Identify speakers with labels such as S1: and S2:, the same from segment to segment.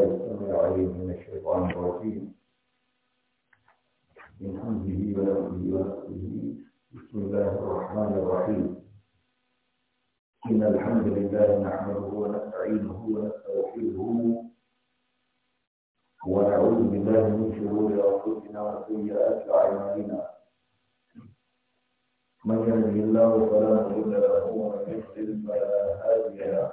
S1: فيستمع عليه من الشيطان الرجيم من حمده ونفسه ونفسه بسم الله الرحمن الرحيم إن الحمد لله نحمده ونستعينه ونستغفره ونعوذ بالله من شرور أنفسنا وسيئات أعمالنا من يهده الله فلا مضل له ومن يضلل فلا هادي له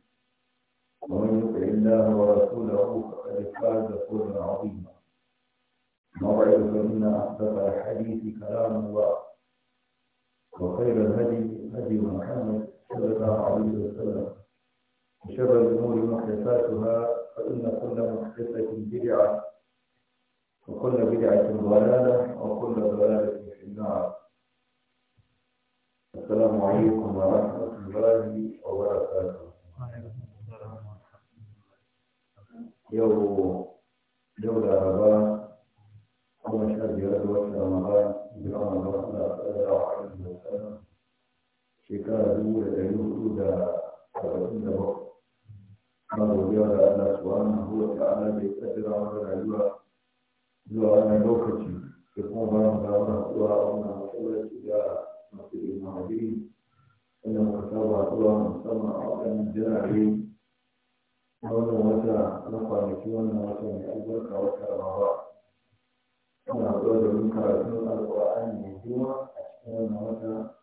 S1: ومن يطع الله ورسوله فقد فاز فوزا عظيما موعظ فإن أصدق الحديث كلام الله وخير الهدي هدي محمد صلى الله عليه وسلم وشر الأمور محدثاتها فإن كل محدثة بدعة وكل بدعة ضلالة وكل ضلالة في النار السلام عليكم ورحمة الله وبركاته yau yau da raba kuma sha biyar da wata ramadan biyar ramadan Allah
S2: sallallahu alaihi wa sallam
S1: shekara dubu da ɗari hudu da arba'in da bakwai ana godiya da Allah subhanahu wa ta'ala da ya kaddara mana rayuwa zuwa wannan lokaci da kuma ba mu da wannan
S2: zuwa wannan masallaci da masu ilmi hadiri inda muka saba zuwa musamman a waɗannan
S1: jirage wannan wata na kwanaki wannan wata mai albarka wata rawa ana zuwa da mun karatun alƙur'ani mai girma a cikin wannan wata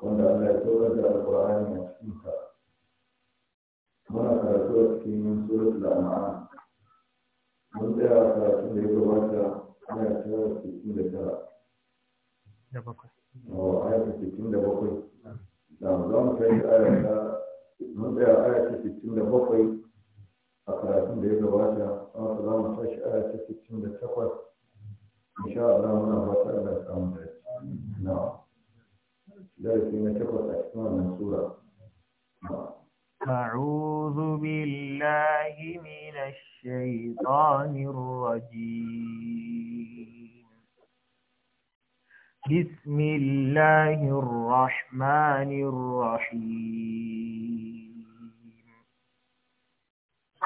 S1: wanda Allah ya saukar da alƙur'ani a cikin ka muna karatu a cikin surat al-an'am mun tsaya a karatun da ya gabata ana tsaya a cikin da tara da bakwai da bakwai da za mu kai ayata mun tsaya aya ta sittin da bakwai a karatun da ya gabata amma za mu tashi a ta sittin da takwas insha Allah muna fata Allah ya samu dace na darasi na takwas a cikin wannan sura
S3: أعوذ بالله من الشيطان الرجيم بسم الله الرحمن الرحيم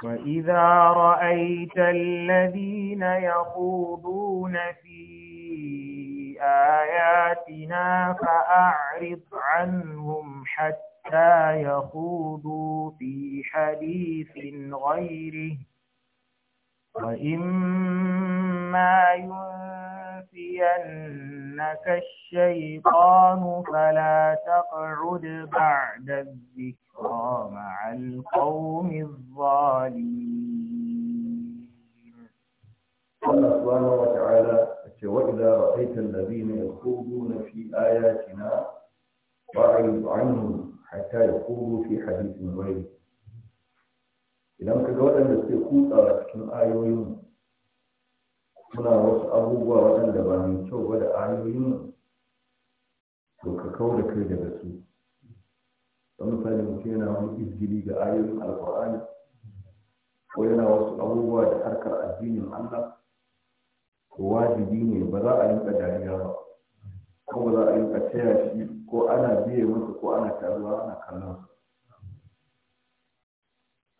S3: وإذا رأيت الذين يخوضون في آياتنا فأعرض عنهم حتى يخوضوا في حديث غيره وإما ينفع ينسينك الشيطان فلا تقعد بعد الذكرى مع القوم الظالمين
S1: قال سبحانه وتعالى وإذا رأيت الذين يخوضون في آياتنا فأعرض عنهم حتى يخوضوا في حديث غيره إذا كنت قولا تخوض على ايه muna wasu abubuwa waɗanda ba mai kyau ba da ayoyin to ka kau da kai daga su don misali mutum yana wani izgili ga ayoyin alkur'ani ko yana wasu abubuwa da harkar addinin allah ko wajibi ne ba za a yi ka dariya ba ko ba za a ka taya shi ko ana biye masa ko ana taruwa ana kallon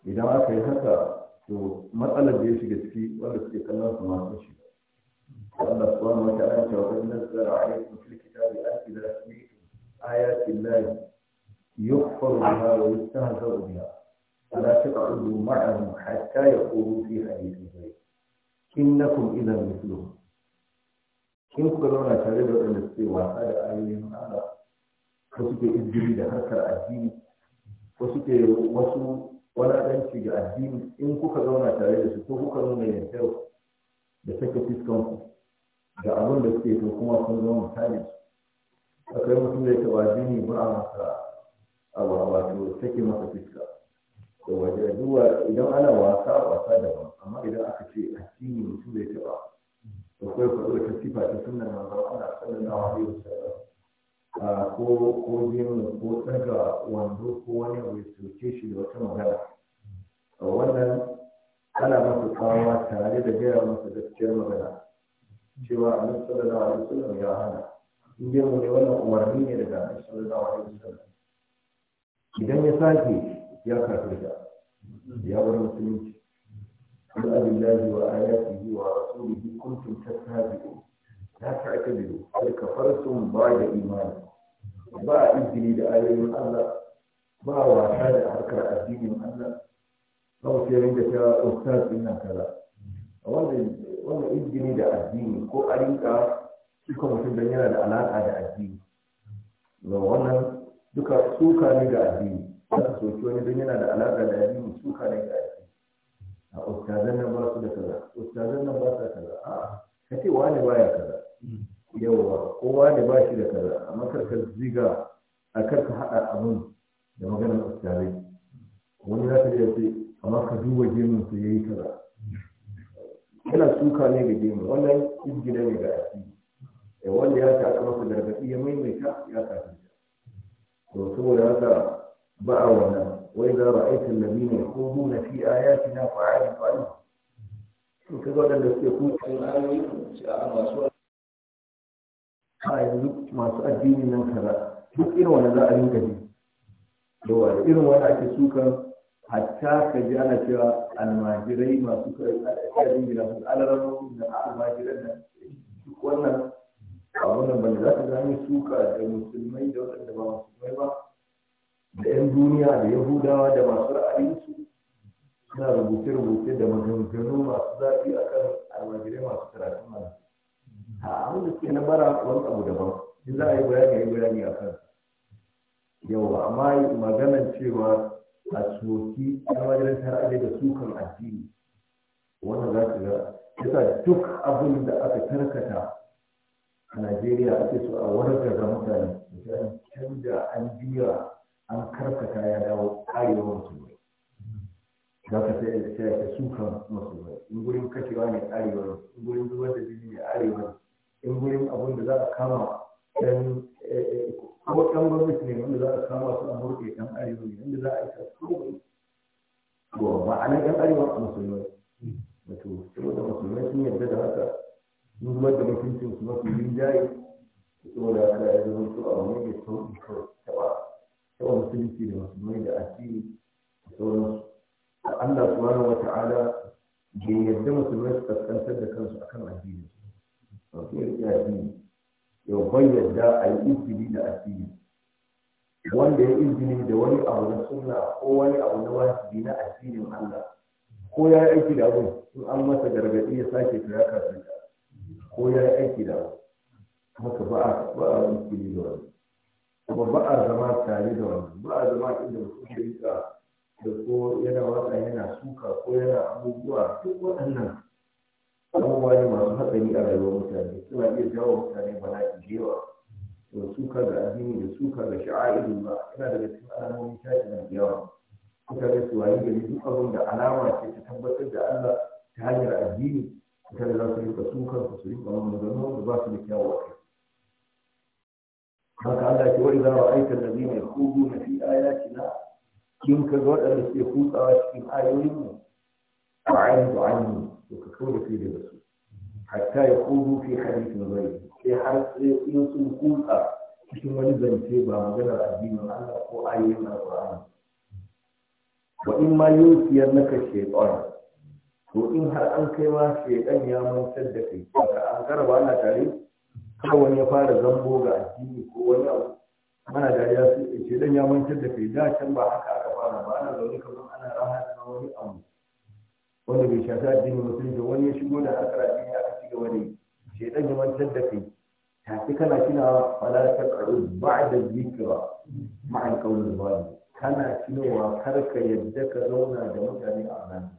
S1: idan aka yi haka to matsalar da ya shiga ciki wanda suke kallon su masu shi Wanda yi Allah subhanahu wa ta'ala ya wa nazzara alaykum fil yau, akida smi'tum ayati llahi yughfaru biha wa yustahzaru biha fala taq'udu ma'ahum hatta yaqulu fi hadithin ghayr innakum idhan mithluhum in kuka zauna tare da waɗanda suke wasa da ayoyin Allah ko suke izgiri da harkar addini ko suke wasu walaƙanci ga addini in kuka zauna tare da su ko kuka nuna yin kyau da sake fiskanku ga abin da suke to kuma sun zama misali akwai mutum da ya taɓa addini ba a masa abu a wato sake masa fiska da waje duwa idan ana wasa wasa daban amma idan aka ce addini mutum da ya taɓa akwai kwaɗo ta sifa ta sunan manzon Allah sallallahu alaihi wasallam ko ko jini ko daga wando ko wani abu soke shi da wata magana wannan ana masu tsawa tare da gaya masa gaskiyar magana cewa annabi sallallahu alaihi wasallam ya hana in dai mu ne wannan umarni ne daga annabi sallallahu alaihi wasallam idan ya sake ya kafirta ya bar musulunci Abin yi قل أبي الله وآياته ورسوله كنتم تستهزئون ta ta'tabiru qad kafartum ba'da imani ba a izini da ayoyin Allah ba a wasa da harkar addinin Allah ba wasu yarin da ta ustaz din nan kaza wannan izini da addini ko a rinka suka mutum don yana da alaƙa da addini ga wannan duka suka ne da addini su soki wani don yana da alaƙa da addini suka ne ga addini a ustazan nan ba su da kaza ustazan nan ba su da kaza a ka wani baya kaza yawa kowa da ba shi da kaza amma karka ziga a karka haɗa abin da maganar ustare wani za ka iya ce amma ka duba gemun su yi kaza yana suka ne ga gemu wannan izgida ne ga asiri eh, wanda ya ta masa gargaɗi ya maimaita ya kafin to saboda haka ba a wannan wai za ba lami ne ko nuna fi ayati na fa'ari fa'ari to kaga waɗanda suke kuma ayoyi a masu a yanzu masu addini nan kaza duk irin wani za a rinka ji yawa da irin wani ake suka hatta ka ji ana cewa almajirai masu karin gida su alaramu da almajiran nan duk wannan a wannan bane za ka gani suka da musulmai da waɗanda ba musulmai ba da 'yan duniya da yahudawa da masu ra'ayinsu suna rubuce-rubuce da maganganu masu zafi akan almajirai masu karatun mana a wanda suke na bara wani abu daban in za a yi bayani yi bayani a kan yau amma maganar cewa a soki na majalisar aje da sukan addini wanda za ka ga yasa duk abin da aka karkata a najeriya ake so a warkar ga mutane da an da an juya an karkata ya dawo arewa musulmi za ka sai da sai ka suka masu ba in gurin kashewa ne arewa in gurin zubar da jini ne arewa in gurin abin da za a kama dan eh, eh, ko dan gwamnati ne wanda za a kama su a murɗe dan arewa ne wanda za a yi kasu to ma'anar dan arewa a musulmai wato saboda musulmai sun yarda da haka sun zubar da mutuncin su mafi rinjaye saboda haka ya zama su a wani da sauƙi kawai taɓa taɓa musulunci da musulmai da asiri da sauransu Allah subhanahu wata'ala bai yarda musulmai su kaskantar da kansu akan addini ba su yarda addini ya bai yarda a yi izini da addini wanda ya izini da wani abu na suna ko wani abu na wajibi na addinin Allah ko ya yi aiki da abu sun an masa gargaɗi ya sake to ya kasance ko ya yi aiki da abu haka ba a ba a izini da wani kuma ba a zama tare da wani ba a zama inda mutum ya yi da ko yana wata yana suka ko yana abubuwa duk waɗannan abubuwa ne masu hatsari a rayuwar mutane suna iya jawo mutane bala'i da yawa to suka ga addini da suka ga sha'a'idun ba yana daga cikin alamomin tashi na yawa kuka ga su wayi gari duk abin da alama ce ta tabbatar da Allah ta hanyar addini kuka ga za su rika sukan su rika maganganun da ba su da kyawu a haka Allah ke wani za a da zai mai hudu na fi ayatina Kin ka ga waɗanda suke kutsawa cikin ayoyin mu a ayin da an yi da ka kawo da kai daga su hatta ya kudu fi hadisin rai sai har sai in sun kutsa cikin wani zance ba maganar addinin Allah ko ayoyin Al-Qur'ani wa in ma na naka shaytan to in har an kai ma shaytan ya mantar da kai ka an ba na tare kawai wani ya fara zambo ga addini ko wani abu mana dariya su ce dan ya mantar da ke, da can ba haka kwana ba na zaune kamar ana raha na wani abu wanda bai shafi addinin da wani ya shigo da harkar addini aka ci gaba da yi shaidan ya mantar da kai tafi kana tunawa fala ta karu ba da zikira ma'an kaunin ba. kana tunawa kar ka yadda ka zauna da mutane a nan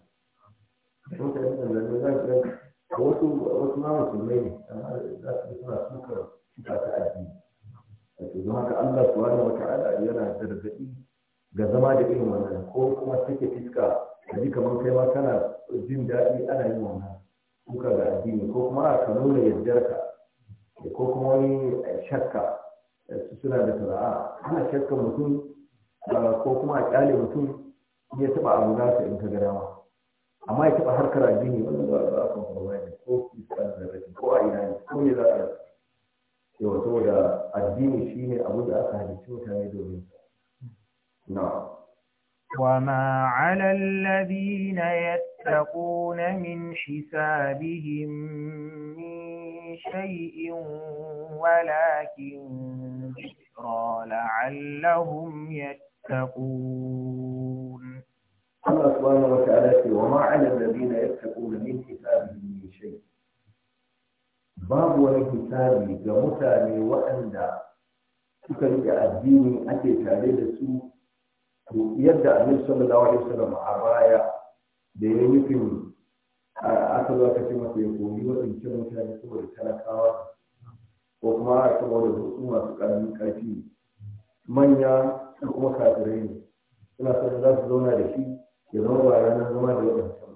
S1: mutane da zai zai zai wasu wasu ma musulmai mai, amma za su suna suka suka ta addini A cikin haka Allah subhanahu wa ta'ala yana gargadi ga zama da irin wannan ko kuma take fiska da ji kamar kai ma kana jin daɗi ana yin wannan kuka ga addini ko kuma a ka nuna yardarka ko kuma wani eh, shakka eh, suna da tara'a ana shakka mutum eh, ko kuma a kyale mutum ya taɓa abu nasa in ka gadawa amma ya taɓa harkar addini wani za a kan kuma ne ko fiskar zarrafi ko a ina ne ko ne za a yi. yawa saboda addini shine abu da aka halittu mutane domin sa
S3: وما على الذين يتقون من حسابهم من شيء ولكن ذكرى لعلهم يتقون
S1: الله سبحانه وتعالى وما على الذين يتقون من حسابهم من شيء babu wani hisabi ga mutane waɗanda suka rike addini ake tare da su to yadda annabi sallallahu alaihi wasallam a baya da ya yi fin aka zo aka ce masa ya koyi waɗancan mutane saboda talakawa ko kuma a saboda su masu ƙaramin ƙarfi manya da kuma kafirai ne suna son za su zauna da shi ya zama ba nan zama da waɗancan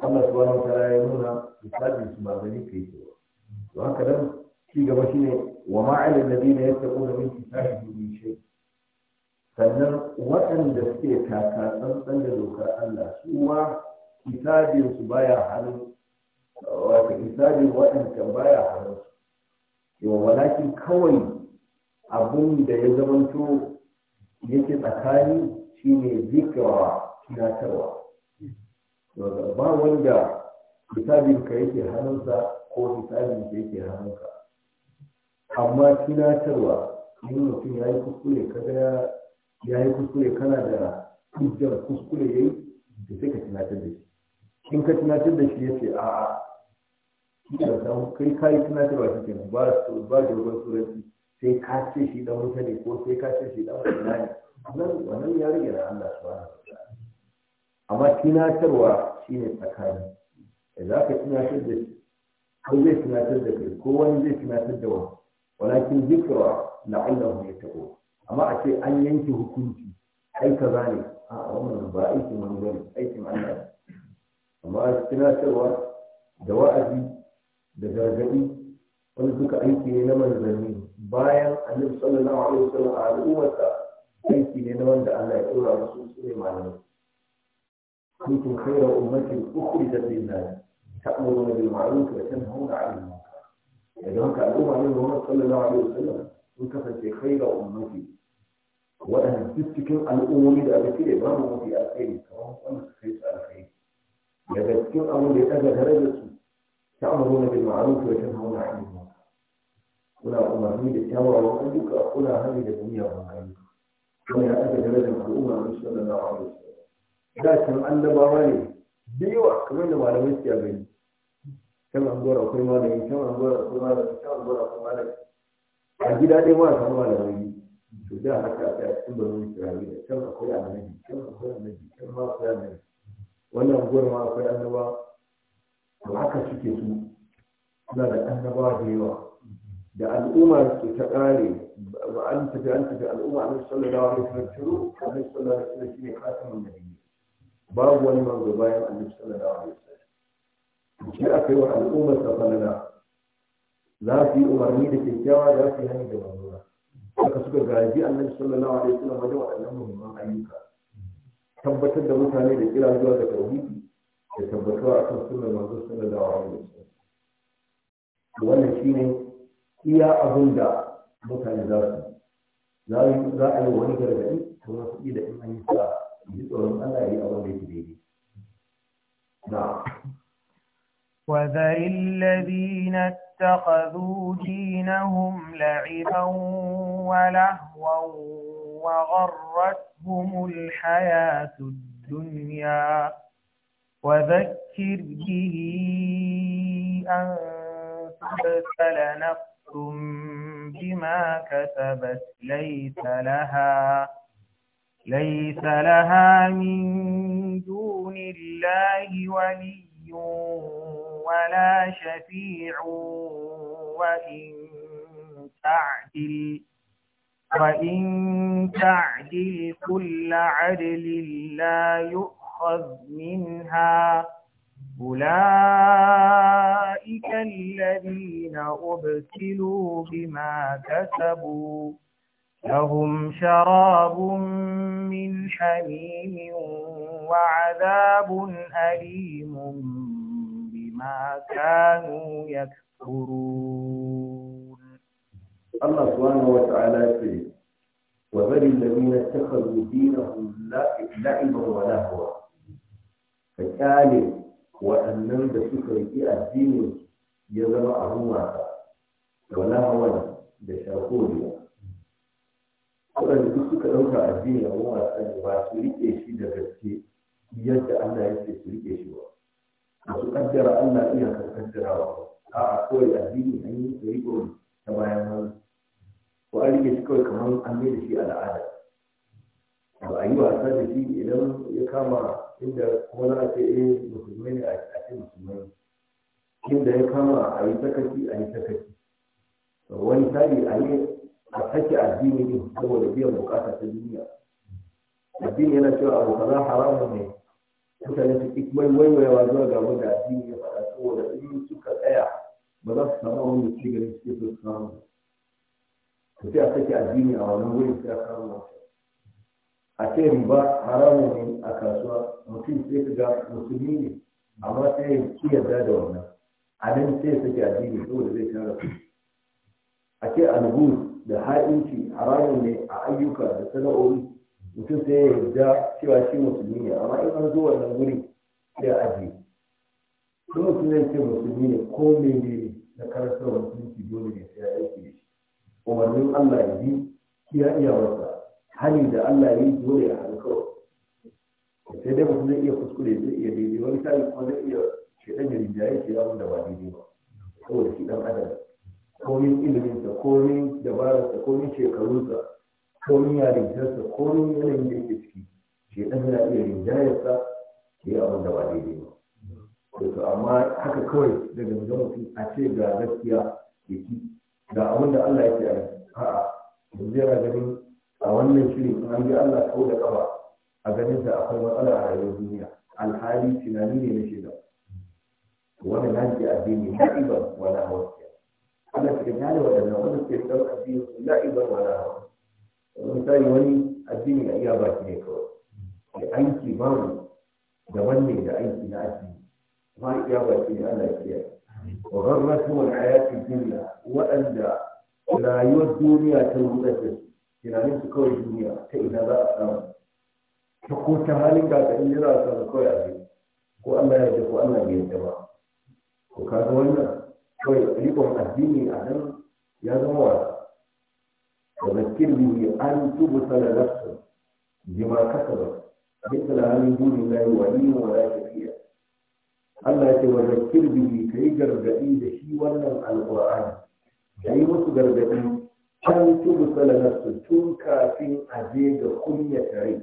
S1: Allah subhanahu wa ta'ala ya nuna misalin su ba gani kai to haka dan ci gaba shine wa ma'al alladhina yattaquna min kitabihim min shi. sannan waɗanda suke kaka tsantsan da dokar Allah su ma baya hannu wata hisabin waɗanda baya hannu yau walakin kawai abun da ya zamanto yake tsakani shine zikawa tunatarwa ba wanda hisabinka yake hannunsa ko hisabinka yake hannunka amma tunatarwa in mutum ya yi kuskure kada ya ya yi kuskure kana da hujjar kuskure ya yi da sai ka tunatar da shi in ka tunatar da shi ya ce a a kiyar samu kai ka yi tunatarwa shi ke ba su ba da ruwan turanci sai ka ce shi dan wuta ne ko sai ka ce shi dan wuta ne wannan ya rage na Allah su wa amma tunatarwa shi ne tsakani da za ka tunatar da shi ko zai tunatar da kai ko wani zai tunatar da wani walakin zikra la'allahu taɓo. amma a ce an yanke hukunci ai ka ne a wannan ba aikin wani bane aikin Allah amma cewa da wa'azi da gargaɗi wani duka aiki ne na manzanni bayan annabi sallallahu alaihi wasallam a al'ummarsa aiki ne na wanda Allah ya ɗora musu su ne malamai kuntum khayra ummatin ukhrijat lin-nas ta'muruna bil ma'ruf wa tanhauna 'anil munkar idan ka al'umma ne Muhammad sallallahu alaihi wasallam sun kasance khayra ummatin. waɗanda duk cikin al'ummomi da aka cire babu mafi alkhairi kamar wanda suka kai su alkhairi daga cikin abin da ya ɗaga darajar su ta amuru na bin ma'aruf ta samu na a ilimin kuna umarni da kyawawan ayyuka kuna hari da duniya ba ayyuka kuma ya ɗaga darajar al'umma na sallallahu alaihi wasallam da can annabawa ne da yawa kamar da malamai suke gani kan angora akwai malami kan angora akwai malami kan angora akwai malami a gida ɗaya ma a samu malamai to da haka a cikin banin Isra'ila can akwai annabi can akwai annabi can ma akwai annabi wannan gurin ma akwai annaba to haka suke su suna da annaba da yawa da al'umma su ta ƙare an tafi an tafi al'umma an sallallahu da wasallam tiro an sallallahu alaihi wasallam shine khatamun nabiyyi babu wani manzo bayan annabi sallallahu alaihi wasallam shi aka yi wa al'umma sallallahu za su yi umarni da kyakkyawa za su yi hanyar da manzora haka suka gaji annabi sallallahu alaihi wasallam wajen waɗannan muhimman ayyuka tabbatar da mutane da kira zuwa ga tauhidi da tabbatuwa akan sunnar manzo sallallahu alaihi wasallam wannan shine iya abin da mutane za su za a yi wani gargaɗi ta wasu da in an yi sa yi tsoron Allah ya yi abin da yake daidai na
S3: وذر الذين اتخذوا دينهم لعبا ولهوا وغرتهم الحياة الدنيا وذكر به أن تبتل نفس بما كسبت ليس لها ليس لها من دون الله ولي ولا شفيع وإن تعدل وإن تعدل كل عدل لا يؤخذ منها أولئك الذين أبتلوا بما كسبوا لهم شراب من حميم وعذاب أليم ما كانوا
S2: يكفرون
S1: الله سبحانه وتعالى في وبل الذين اتخذوا دينهم لعبا ولهوا فكالي وان ده suka yi addini ya zama abin wasa walawan da shakoriya waɗanda duk suka ɗauka addini abin wasa ne ba su riƙe shi da gaske yadda allah yake su riƙe shi ba ba su kaddara Allah iya kan kaddarawa a'a kawai addini an yi da riko ta bayan wani ko an rike shi kawai kamar an mai da shi al'ada ba a yi wasa da shi idan ya kama inda kuma za a ce eh musulmai ne a ce musulmai inda ya kama a yi sakaci a yi sakaci wani tari a yi a sake addini ne saboda biyan bukata ta duniya addini yana cewa abu kaza haramun ne mutane su ki waiwaiwa zuwa ga wanda addini ya faɗa saboda in suka tsaya ba za su samu da ci gari suke so su samu sai a sake addini a wannan wurin sai a samu a ce riba haramu ne a kasuwa mutum sai ka ga musulmi ne amma sai ki yarda da wannan a nan sai sake addini saboda zai tara su a ce albus da ha'inci haramun ne a ayyuka da sana'o'i mutum sai ya yarda cewa shi musulmi ne amma in an zo wannan guri sai aji ko mutum zai ce musulmi ne ko mene ne na karantar musulunci dole ne sai ya aiki da shi umarnin Allah ya bi iya wasa hali da Allah ya yi dole ya hannu kawai sai dai mutum zai iya kuskure zai iya daidai wani sa'in kuma zai iya shaidan ya rinjaye shi abin da ba daidai ba saboda shi dan adam komin iliminsa komin dabararsa komin shekarunsa komin yarintarsa komin yanayin da yake ciki shi ɗan yana iya rinjayarsa
S3: ke yi abin da ba daidai ba to amma haka kawai daga ga mutum a ce ga gaskiya
S1: ke ki ga abin da Allah yake a a'a yanzu yana ganin a wannan shirin an bi Allah kau da kafa a ganin sa akwai matsala a rayuwar duniya alhali tunani ne na shida wannan na ke addini la'ibar wala hawa Allah ya gane wadannan wanda ke ɗaukar addini la'ibar wala hawa misali wani addini na iya baki ne kawai da aiki babu da wanne da aiki na addini ma iya baki ne Allah ya wa gharratu wal hayati dunya waɗanda rayuwar duniya ta rudar da su tunanin su kawai duniya ta ina za a samu ta ko ta halin gagarin yana samu kawai a ko Allah ya ko Allah bai yarda ba ko kaga wannan kawai rikon addini a nan ya zama wasa وذكر به أن تبصر نفسه بما كسبت مثل عن دون الله ولي ولا شفيع Allah ce wa zakir bihi kai gargadi da shi wannan alqur'ani kai musu gargadi an tubu salanatu tun kafin a je ga kunya tare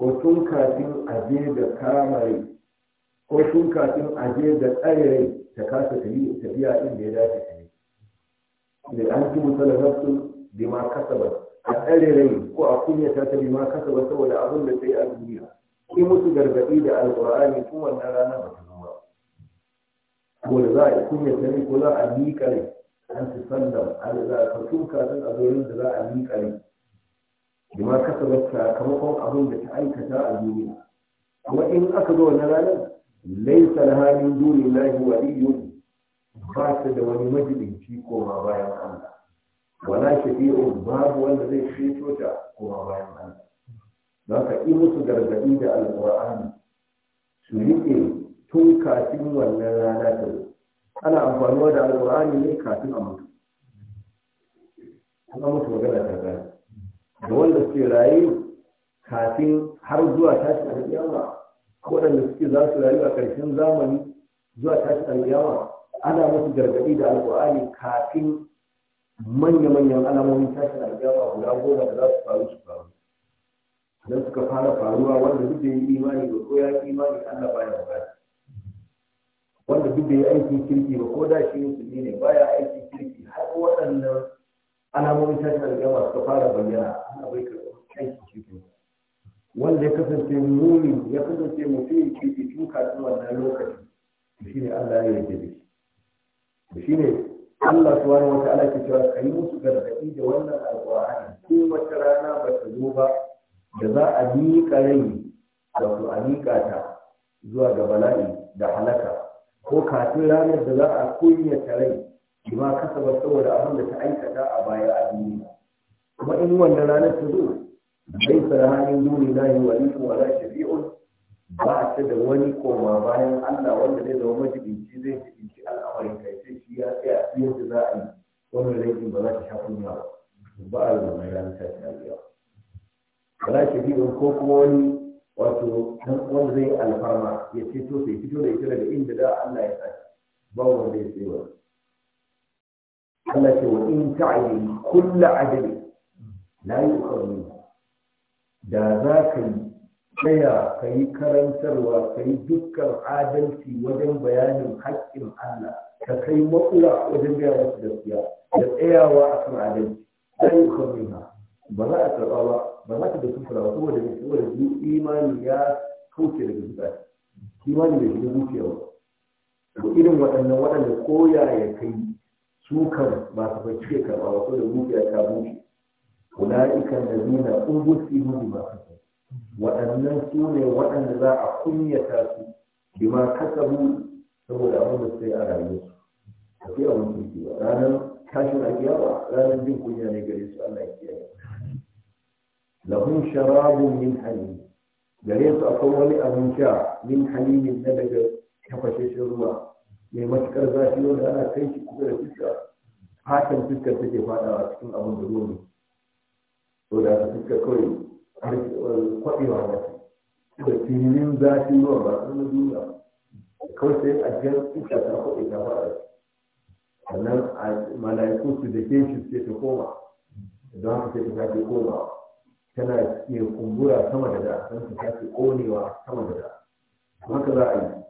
S1: ko tun kafin a je ga kamare ko tun kafin a je ga kasa tafiya ya dace an tubu bima kasaba a tsare ko a kunyata ta bima kasaba saboda abin da sai a duniya in musu gargaɗi da alƙur'ani tun wannan rana ba ta Ko saboda za a yi kunyata ne ko za a miƙa rai an su sallam an za ka tun kafin a zoyin da za a miƙa rai bima kasaba sakamakon abin da ta aikata a duniya kuma in aka zo wannan ranar laisa laha min dunillahi waliyyun ba ta da wani majibinci koma bayan Allah wala shafi'un babu wanda zai ceto ta kuma bayan Allah don ka yi musu gargaɗi da alƙur'ani su riƙe tun kafin wannan rana ta zo ana amfani da alƙur'ani ne kafin a mutu kuma mutu magana ta gani da wanda suke rayu kafin har zuwa tashi a alƙiyama waɗanda suke za su rayu a ƙarshen zamani zuwa tashi a alƙiyama ana musu gargaɗi da alƙur'ani kafin manya-manyan alamomin tashin alƙiyama guda goma da za su faru su faru idan suka fara faruwa wanda duk da yi imani ba ko ya imani Allah baya bukata wanda duk da yi aiki kirki ba ko da shi musulmi ne baya aiki kirki har waɗannan alamomin tashin alƙiyama suka fara bayyana Allah bai karɓi aiki kirki wanda ya kasance muni ya kasance mutum kirki tun kafin wannan lokaci shi ne Allah ya yi da shi ne Allah subhanahu wata'ala ke cewa ka yi musu gargaɗi da wannan alƙur'ani ko wata rana ba ta zo ba da za a miƙa rai wato a miƙa ta zuwa ga bala'i da halaka ko kafin ranar da za a ta rai shi ma kasa ba saboda abin da ta aikata a baya a duniya kuma in wannan ranar ta zo bai sa duni na yi ta wala shafi'un ba ta da wani koma bayan Allah wanda zai zama majibinci zai jibinci al'amarin kai sai shi ya tsaya a yadda za a yi wannan laifin ba za ta sha kunya ba ba a zama ya ta tsariya ba za ta biyu ko kuma wani wato dan wanda zai alfarma ya ce to sai fito da ita daga inda da Allah ya tsaya ba wanda ya tsaye Allah ce wa in ta ta'adil kullu adli la yuqarrib da za ka yi tsaya ka yi karantarwa ka yi dukkan adalci wajen bayanin haƙƙin Allah ka kai makula wajen gaya wasu gaskiya da tsayawa a kan adalci ta yi kwamina ba za a karɓa ba ba za ta da kufura ba su da su imani ya kauce daga zuciya imani da shi zuciya ba Ko irin waɗannan waɗanda koya ya kai sukan masu ba su cike karɓa ba da zuciya ta bushe ula'ikan da zina in gusi hudu ba su waɗannan su ne waɗanda za a kunyata su bima kasabu saboda abin da sai a rayuwarsu a sai abin kirki ba ranar tashin alƙiyama ranar jin kunya ne gare su Allah ya kiyaye lahum sharabun min halim gare su akwai wani abin sha min halimin na daga tafashashin ruwa mai matukar zafi wanda ana kai shi kusa da fuska fatan fuskar take fadawa cikin abin da ruwa ne to da fuskar kawai kwaɗewa ba da filin zafi ruwa ba su na duniya kawai sai a jan iska ta kwaɗe ta fara sannan a mala'iku su da ke shi sai ta koma don haka sai ta sake koma tana iya kumbura sama da da don ta sake konewa sama da da Maka za a yi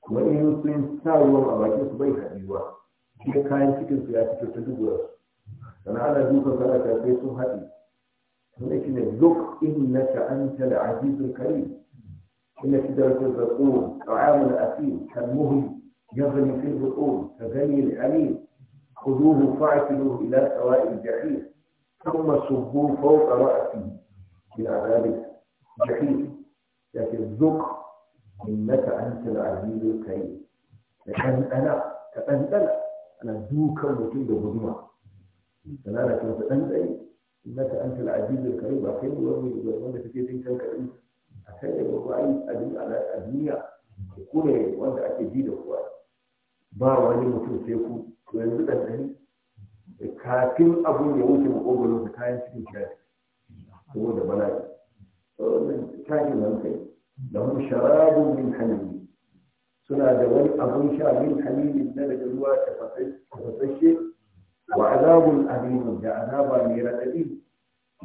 S1: kuma
S2: in sun sa ruwan
S1: a bakin su bai haɗi. haɗuwa shi kayan cikin su ya fito ta dubuwa sannan ana dukan kana sai sun haɗe ذق إنك أنت العزيز الكريم إن في درجة الزقوم طعام الأثيم كالمهم
S2: يغني في البطون كغني الحليب خذوه فاعتلوه إلى سواء الجحيم
S1: ثم صبوه فوق رأسه من عذاب الجحيم لكن ذق إنك أنت العزيز الكريم لكن أنا كأنت أنا دوكا وكيد هدوما فلا لكن أنت innaka antal azizul karim ba kai ne wanda kake jin kanka din a kai ne ba ai a duniya ku ne wanda ake ji da kuwa ba wani mutum sai ku to yanzu dan dani kafin abun ya wuce makogwaro da kayan cikin kiyasi da bala'i wannan tashin hankali lahum sharabun min hamimi suna da wani abun sha min hamimi na daga ruwa tafasasshe wa azabun da azaba mai raɗaɗi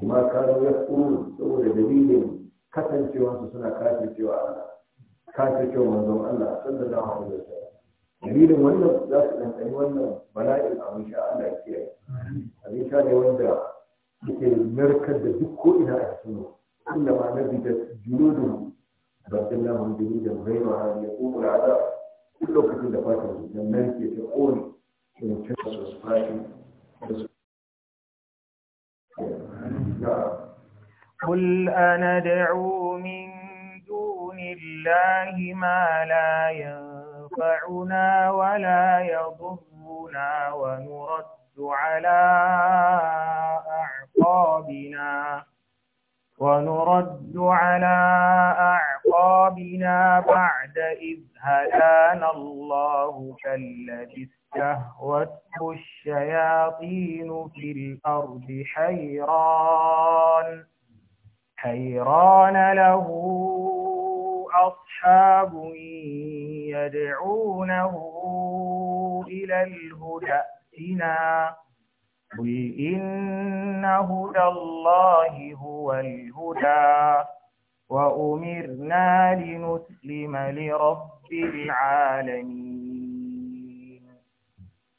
S1: ma kano ya kuru saboda dalilin kasancewarsu suna kafircewa Allah kafircewa manzon Allah sallallahu alaihi wasallam dalilin wannan za su ɗanɗani wannan bala'in abin sha Allah ya ne wanda yake narkar da duk ko ina a cikin kullum ma nabi da junudun baddallahu junudun ghayra hadiya qul ala kullu lokacin da fatan
S2: nan ke ta ƙone in terms
S3: of قل أندعو من دون الله ما لا ينفعنا ولا يضرنا ونرد على أعقابنا ونرد على أعقابنا بعد إذ هدانا الله كالذي استهوته الشياطين في الأرض حيران حيران له أصحاب يدعونه إلى الهدى ائتنا قل إن هدى الله هو الهدى وأمرنا لنسلم لرب العالمين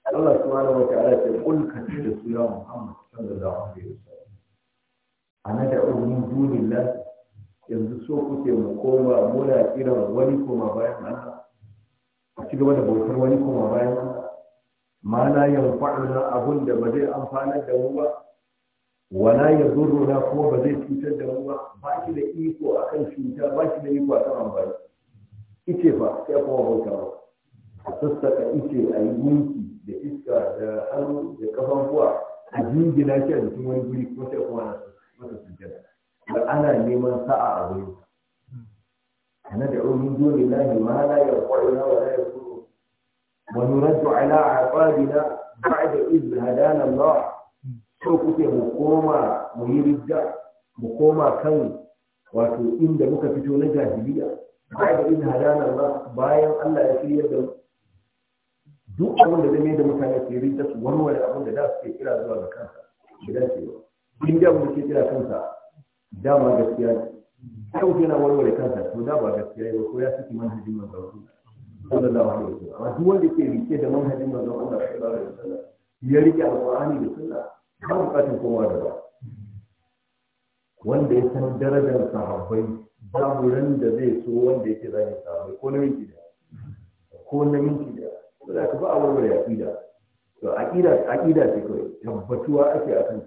S1: Allah wata ala ce ƙulka ce da su ya Muhammad yau. sai. A na da min dunillah yanzu so kuke mu koma muna kiran wani koma bayan Allah a ci gaba da bautar wani koma bayan Allah ma la yanfa'una abun da ba zai amfanar da mu ba wala ya na kuma ba zai cutar da mu ba ba shi da iko akan cuta ba shi da iko akan amfani ice fa sai kuma bauta ba a sassaka ice a yi gunki da iska da hannu da kuwa a jingina shi a jikin wani guri kuma sai kuma na masa sujjada da ana neman sa'a a gurin kana da umin dole lahi ma la na
S2: wa la yakunu
S1: wa nuraddu ala aqabina ba'da iz hadana Allah so kuke mu koma mu yi ridda mu koma kan wato inda muka fito na jahiliya ba'da iz hadana Allah bayan Allah ya shirya da mu duk abin da zai da mutane ke rita su warware abin da da suke kira zuwa ga kansa Gidan dace in da abin da ke kira kansa dama gaskiya ne na yana warware kansa to da ba gaskiya ne ko ya saki manhajin manzon Allah sallallahu alaihi wasallam amma duk wanda ke rike da manhajin manzon Allah sallallahu da wasallam ya rike alqur'ani da suna. ba bukatun kowa da ba wanda ya san darajar sahabbai babu ran da zai so wanda yake zai sahabbai ko na minti da ko na minti da saboda ka ba a warware aƙida to aƙida aƙida ce kawai tabbatuwa ake a kan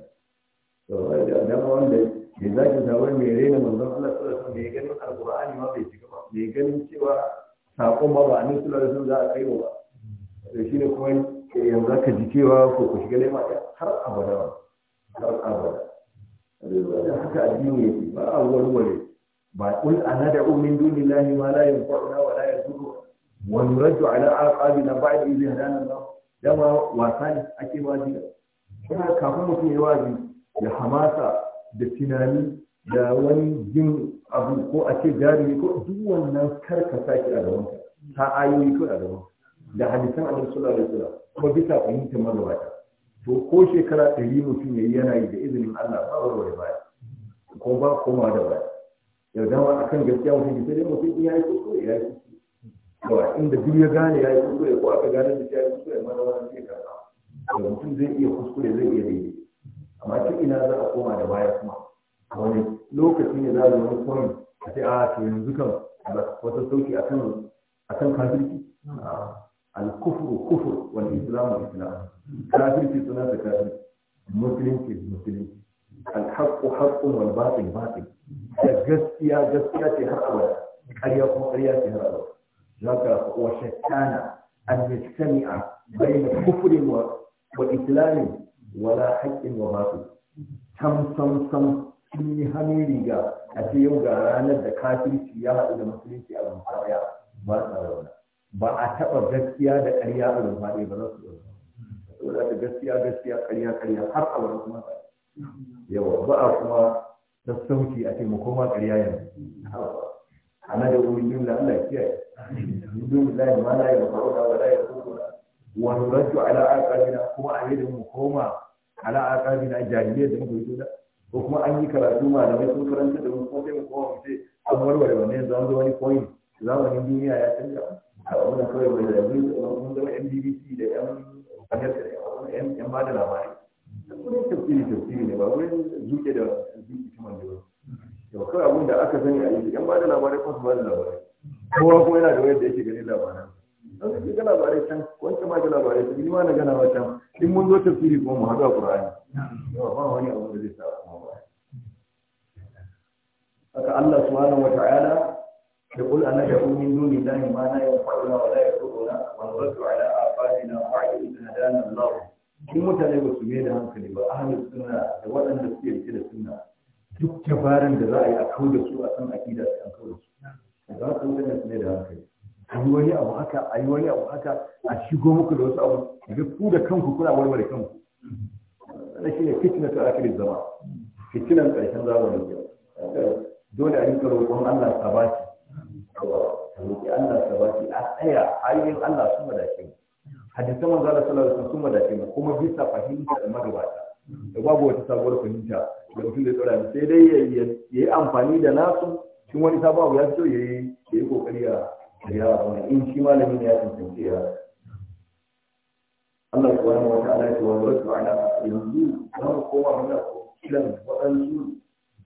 S1: to dama wanda mai zaki sabon mai raina manzon Allah sallallahu alaihi wasallam mai ganin alqur'ani ma bai shiga ba mai ganin cewa sakon ba ba a nan sallallahu alaihi wasallam za a kai wa to shine kuma yanzu ka ji cewa ko ku shiga lema har abada har abada
S3: haka addini yake ba a
S1: warware ba kul anada'u min dunillahi ma la yanfa'una wa la yadurruna wa nuraddu ala aqabina ba'da idh hadana Allah dama wasa ne ake wazi kuma kafin mutum ya wazi da hamasa da tunani da wani jin abu ko a ce jarumi ko duk wannan karka saki a gaban ta ayoyi ko a gaban da hadisan annabi sallallahu da wasallam kuma bisa fahimtar magabata to ko shekara ɗari mutum ya yi yana yi da izinin Allah ba warware baya ko ba koma da baya yarda ma akan gaskiya mutum sai dai mutum ya yi kuskure ya yi to inda duk ya gane ya yi kuskure ko aka gane da ya yi kuskure mana wani zai karɓa to mutum zai iya kuskure zai iya daidai amma ta ina za a koma da baya kuma wani lokaci ne za a wani point a ce a ah, to yanzu kan wata sauki akan akan kafirci al-kufru kufur wani islamu islam Kafirki suna da kafirki. musulunci musulunci alhaƙu haƙun wani batin batin da gaskiya gaskiya ce har abada ƙarya kuma ƙarya ce har abada ذكره وشتان ان يجتمع بين كفر واسلام ولا حق وباطل سم سم سم سني هميري جا اتي يوم غرانا دا كافر سيا الى مسلم سيا المحايا ما تعرفنا با اتبع غسيا دا قريا المحايا بلس ولا دا غسيا غسيا قريا قريا حق ورسما يوا با اتبع تستوكي اتي مكومة قريا يوم انا دا ومن جملة الله كيه bismillah ma ala aqabina kuma a yidin mu koma ala aqabina jahiliya da muke yi ko kuma an yi karatu ma da wasu karanta da wasu sai mu koma mu ce an warware wa ne zan zo wani koyi zamanin duniya ya canja a wani kawai mai zabi mun zama mbbc da yan kanyarta yan bada labarai wani tafsiri tafsiri ne ba wani zuke da zuke kamar da wani yau kawai abin da aka sani a yi yan bada labarai ko su bada labarai kowa kuma yana da wayar da yake gani labaran don kake ga labarai can ko ma ga labarai can ni ma na gana can in mun zo tafsiri kuma mu haɗu a qur'ani ba wani abu da zai sa kuma ba haka Allah subhanahu wa ta'ala ya qul ana ya'u min duni llahi ma la yanfa'una wa la yadurruna wa nuraddu ala aqalina ba'da idh hadana Allah in mutane ba su mai da hankali ba ahlus sunna da waɗanda suke rike da sunna duk jabaran da za a yi a da su a san akida da an kauda su za su wuce ne da haka a yi wani abu haka a yi wani abu haka a shigo muku da wasu abu da ku da kanku kuna warware kanku wannan shine fitna ta akirin zama fitnan karshen mu ke dole a yi karo kuma Allah sabati A roƙi Allah sabati a tsaya ayoyin Allah su madace mu hadisan manzo Allah sallallahu alaihi wasallam su madace kuma bisa fahimta da magabata da babu wata sabuwar fahimta da mutum da tsora sai dai ya yi amfani da nasu shin wani sabon abu ya fito ya yi ya yi kokari ya ya wani in shi malami ne ya tantance ya Allah subhanahu wata ta'ala ya wani wasu ana yanzu zan koma muna kiran waɗansu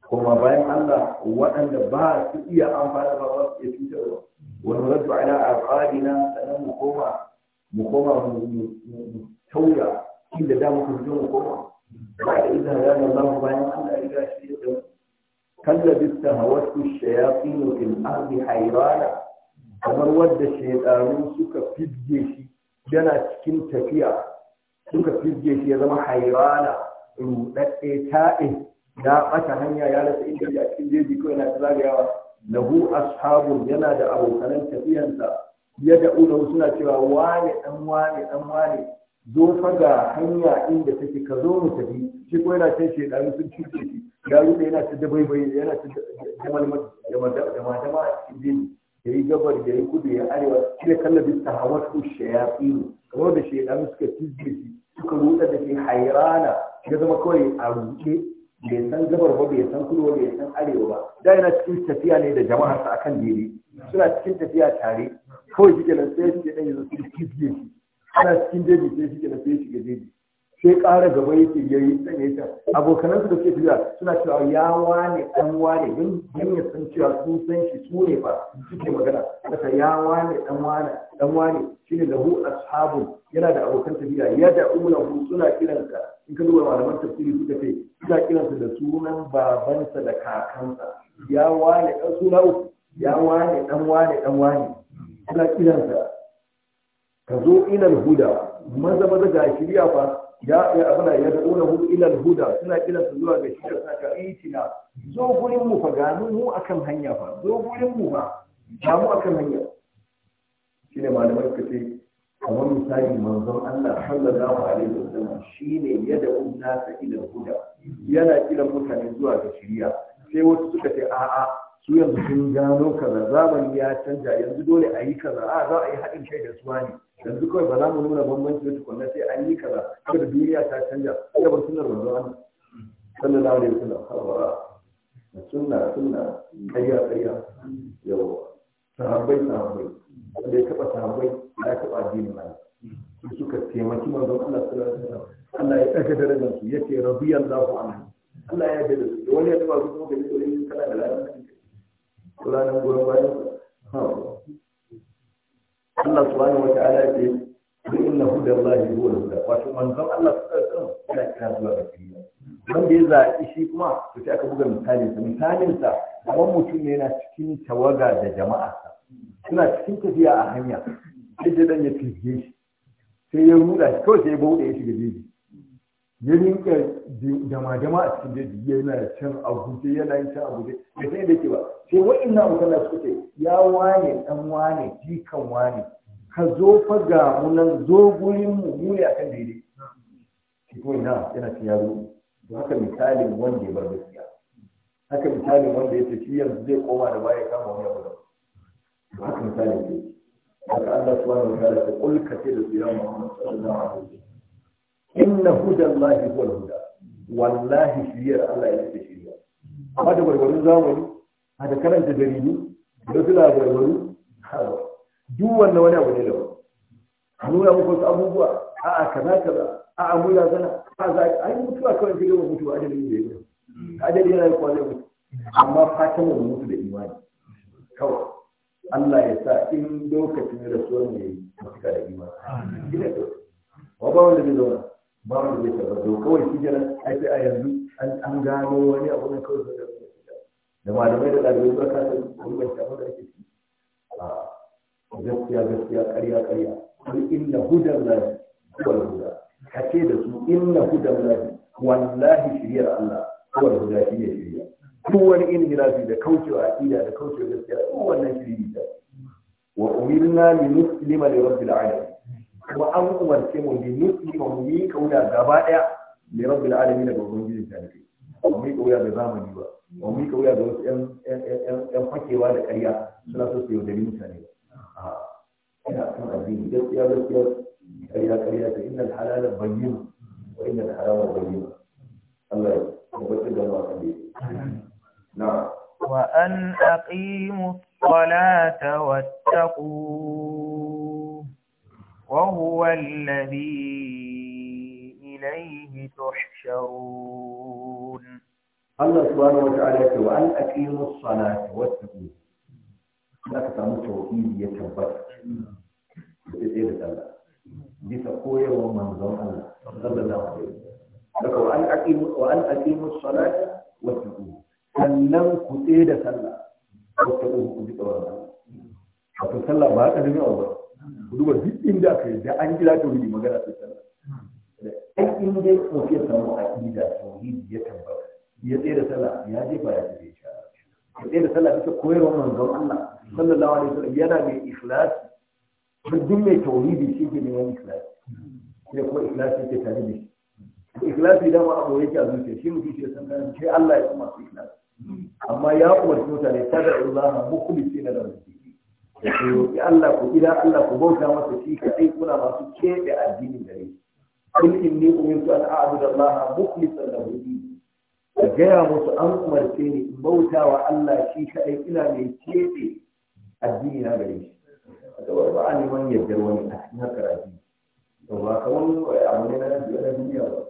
S1: kuma bayan Allah waɗanda ba su iya amfana ba ba su iya cutarwa wani wasu ana a ƙarina sannan mu koma mu koma mu tauya inda Za muka fito mu koma ba da izinin ranar Allah bayan Allah ya gashi da kallabi tahawatu shayatin fil ardi hayrana kamar wadda shaytanu suka fidge shi yana cikin tafiya suka fidge shi ya zama hayrana rudadde ta'in da bata hanya ya rasa inda ya cikin jeji ko yana zagayawa lahu ashabun yana da abokan tafiyansa ya da'u suna cewa wane dan wane dan wane zo fa ga hanya inda take ka zo mu tafi shi ko yana cin shi dan sun cuce shi ya da yana ta bai yana ta da jamal da a cikin jini ya yi gabar ya yi kudu ya arewa shi da kallabin su shayatin kamar da shaidan suka tizbe shi suka rutsa da shi hairana ya zama kawai a ruɗe bai san gabar ba bai san kudu ba bai san arewa ba da yana cikin tafiya ne da jama'arsa akan daidai suna cikin tafiya tare kawai shi nan sai shi dan yanzu su tizbe shi ana cikin jeji sai shi da sai shiga jeji sai ƙara gaba yake yayi tsaye ta abokanan su da ke tafiya suna cewa ya wane dan wane don don ya san cewa sun san shi su ne fa suke magana saka ya wane dan wane dan wane shine lahu ashabu yana da abokan tafiya ya da umulahu suna kiransa in ka duba malaman tafsiri suka ce suna kiransa da sunan babansa da kakansa ya wane dan suna ya wane dan wane dan wane suna kiransa ka zo ilal huda maza maza ga shirya fa ya ya abuna ya na hu ilal huda suna kiran su zuwa ga shirya sa ka aitina eh, zo gurin mu fa ga mu akan hanya fa zo gurin mu fa ga mu akan hanya shine malamai suka ce kamar misali manzon Allah sallallahu alaihi wasallam shine ya da'un nasa ilal huda yana kiran mutane zuwa ga shirya sai wasu suka ce a'a su yanzu sun gano kaza zamani ya canja yanzu dole a yi kaza a za a yi haɗin kai da suwa ne yanzu kawai ba za mu nuna bambanci da tukunna sai an yi kaza saboda duniya ta canja ya ba sunan wanzu wani sallallahu alaihi wasallam hawa sunna sunna kayya kayya yawa sahabbai sahabbai wanda ya taɓa sahabbai ya taɓa addinin Allah suka taimaki manzon Allah sallallahu alaihi wasallam Allah ya ɗaga darajar su yace radiyallahu anhu Allah ya yarda da su wani ya taɓa su kuma ga yi kana da lafiya ranar goyon bayan Allah subhanahu wa ta'ala ce inna hudallahi huwa al-huda wato manzon Allah sallallahu alaihi wasallam kira zuwa ga kiriya wanda ya zaɓi shi kuma su shi aka buga misalinsa. sa misalin sa kamar mutum ne yana cikin tawaga da jama'a suna cikin tafiya a hanya sai ya ya fiye shi sai ya ruda shi kawai sai ya bauɗe ya shiga jeji ya rinka jama'a a cikin jeji yana can sai yana yin can abu da sai da ke ba sai wa'annan abubuwan su ce ya wane dan wane jikan wane ka zo fa ga mu nan zo gurin mu mu ne akan daidai shi ko ina yana cin yaro to haka misalin wanda ya bar gaskiya haka misalin wanda ya ce shi yanzu zai koma da baya kama wani abu da haka misalin ne haka Allah subhanahu wa ta'ala ya kulka ce da su ya Muhammad sallallahu alaihi wasallam inna hudallahi huwal huda wallahi shiriyar Allah ya ce shiriya amma da gwargwaron zamani a da karanta jaridu da su labarbaru duk wanda wani abu ne da a nuna muku wasu abubuwa a a kaza kaza a a mula zana a za a yi mutuwa kawai sai gaba mutuwa adalin da ya mutu mm. adalin yana da kwazai mutu amma fatan wani mutu da imani kawai Allah ya sa in lokacin rasuwar ne ya fita da imani gina da wa ba wanda zai zauna ba wanda zai tabbata kawai shi jana, a yanzu an gano wani abu na kawai da malamai da ɗalibai ba ka da wannan shafa da ake ci a gaskiya gaskiya ƙarya ƙarya kun inna hudan lahi kuwal huda ka ce da su inna hudan lahi wallahi shiriyar Allah kuwal huda shi ne shiriya duk wani in hilafi da kaucewa aqida da kaucewa gaskiya duk wannan shiriya ta wa umirna li muslima li rabbil alamin kuma an umarce mu bi muslima mu yi kauna gaba daya li rabbil alamin da ubangijin talibai ba mu miƙa wuya da zamani ba ba mu miƙa wuya da wasu ƴan fakewa da ƙarya suna so su yaudari mutane ba ina kan addini gaskiya gaskiya ƙarya ƙarya ta inna halala bayyana wa inna harama bayyana Allah ya tabbatar da mu a kan na
S3: وأن أقيموا الصلاة واتقوه وهو الذي إليه تحشرون تتقون
S1: الله سبحانه وتعالى يقول وأن أقيموا الصلاة واتقوا لا تتعمل توحيد يتبت بإذن الله bisa koyarwar manzon Allah sallallahu alaihi wasallam daga wa an aqimu wa an aqimu sannan ku tsaye da sallah ku tuqu ku ji tsoron sallah ba ka ba ku duba duk inda aka yi da an gida to magana sai sallah ai in dai mutum ya samu aqida tauhidi ya tabbata ya tsaye da sallah ya je ba ya tafi shi ya tsaye da sallah bisa koyarwar manzon Allah sallallahu alaihi wasallam yana mai ikhlas duk mai tauhidi shi ke neman ikhlas sai ko ikhlas yake tare da shi ikhlas idan ma abu yake a zuciya shi mutum shi san kan sai Allah ya kuma ikhlas amma ya umarci mutane kada Allah mu mukhlisina lahu ya Allah ku ila Allah ku bauta masa shi kai kuna masu kebe addinin gare shi kul inni umirtu an a'budu Allah mukhlishan lahu din ka gaya musu an umarce ni in bauta Allah shi kaɗai ina mai keɓe addini na gare shi da ba a neman yardar wani a cikin haka rafi to ba abu na duniya ba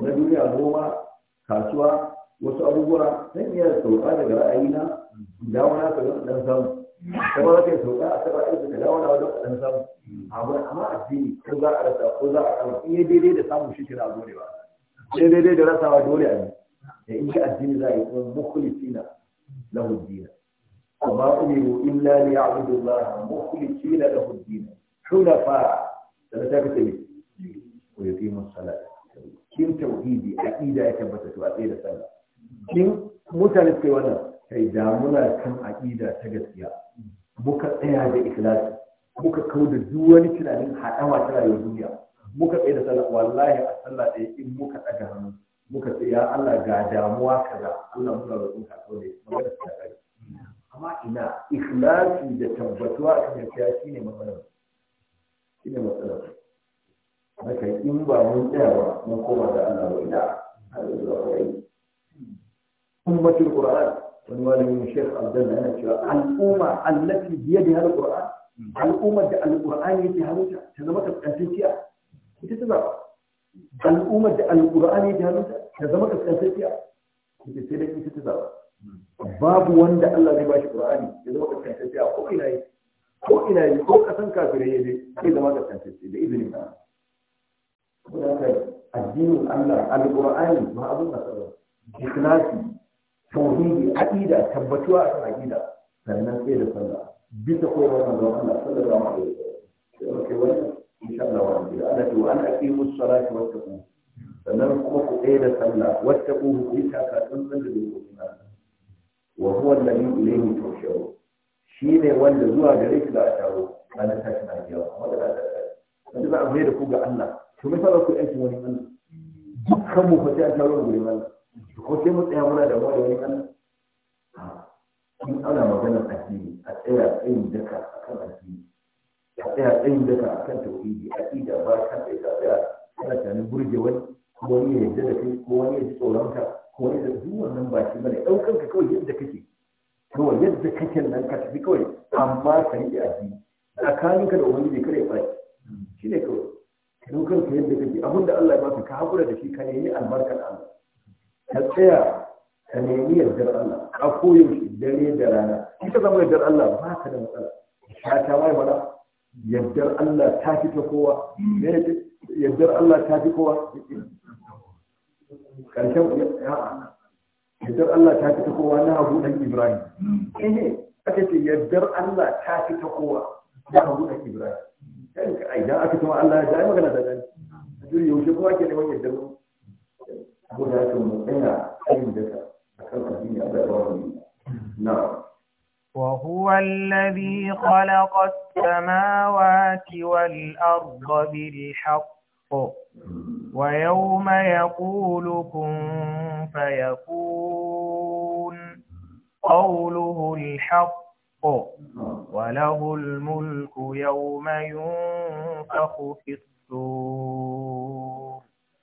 S1: na duniya goma kasuwa wasu abubuwa zan iya sauka daga ra'ayina da wani haka zan ɗan samu kamar kai so za a taba aiki da lawan wajen kuɗin samu abu amma addini ko za a rasa ko za a samu. in daidai da samun shi kira dole ba sai daidai da rasawa dole a yi da in shi addini za a yi kuma mukhlisina lahu dina amma umiru illa li ya'budu Allah mukhlisina lahu dina fara da ta kace ne ko yake mun salat kin tauhidi aqida ya tabbata to a tsaye da sallah kin mutane kai wannan kai da muna kan aƙida ta gaskiya muka tsaya da ikhlasi muka kau da duk wani tunanin haɗawa ta rayuwar duniya muka tsaya da sallah wallahi a sallah ɗaya in muka ɗaga hannu muka ce ya Allah ga damuwa kaza Allah muna roƙon ka kawai magana ta kai amma ina ikhlasi da tabbatuwa a kan gaskiya shine matsalar shine matsalar maka in ba mun tsaya ba mun koma da Allah ba ina har zuwa kai ummatul qur'an wani malamin shek aljanna yana cewa al'umma allati biyadi hal qur'an al'ummar da alqur'ani yake hannunta ta zama kaskantacciya ita ta zaba al'ummar da alqur'ani yake hannunta ta zama kaskantacciya ita sai da ita ta zaba babu wanda Allah zai bashi qur'ani ya zama kaskantacciya ko ina yi ko ina yi ko kasan kafirai ya je zai zama kaskantacciya da izinin Allah ko da addinin Allah alqur'ani ma abun nasara ikhlasi tauhidi aqida tabbatuwa a aqida sannan sai da sallah bisa koyarwar manzon Allah sallallahu alaihi wasallam sai kai wannan insha Allah wa rabbi Allah to an aqimu as-salata wa taqu sannan kuma ku tsaya da sallah wa taqu ku yi taka tsantsan da dokokin Allah wa huwa alladhi ilayhi tusharu shi ne wanda zuwa gare shi za a taro ranar tashin ajiyawa jiya, amma a taro wanda za a mai da ku ga Allah to me fa ku aiki wani Allah dukkan mu fa sai an taro gurin Allah ko sai mu tsaya muna da mu da wani Allah in ana maganar addini a tsaya tsayin daka akan addini a tsaya tsayin daka akan tauhidi aqida ba ka tsaya ka tsaya kana tunanin burge wani ko wani ya yarda da kai ko wani ya ji tsoron ka ko wani da duk wannan ba shi bane daukan ka kawai yadda kake kawai yadda kake nan ka tafi kawai amma ka yi addini tsakanin ka da wani kada ya ba shi ne kawai ka daukar ka yadda kake abinda Allah ya baka ka haƙura da shi ka albarka da Allah ka tsaya ka nemi yardar Allah a koyaushe dare da rana in ka zama yardar Allah ba ka da matsala ka ta mai mana yardar Allah ta fi ta kowa yardar Allah ta fi kowa karshen yardar Allah ta fi ta kowa na hagu dan Ibrahim eh aka ce yardar Allah ta fi ta kowa na hagu dan Ibrahim kan ka ai dan aka tuma Allah ya ji magana da gani yaushe kuma ake neman yardar ko
S3: وهو الذي خلق السماوات والأرض بالحق ويوم يقول كن فيكون قوله الحق وله الملك يوم ينفخ في الصور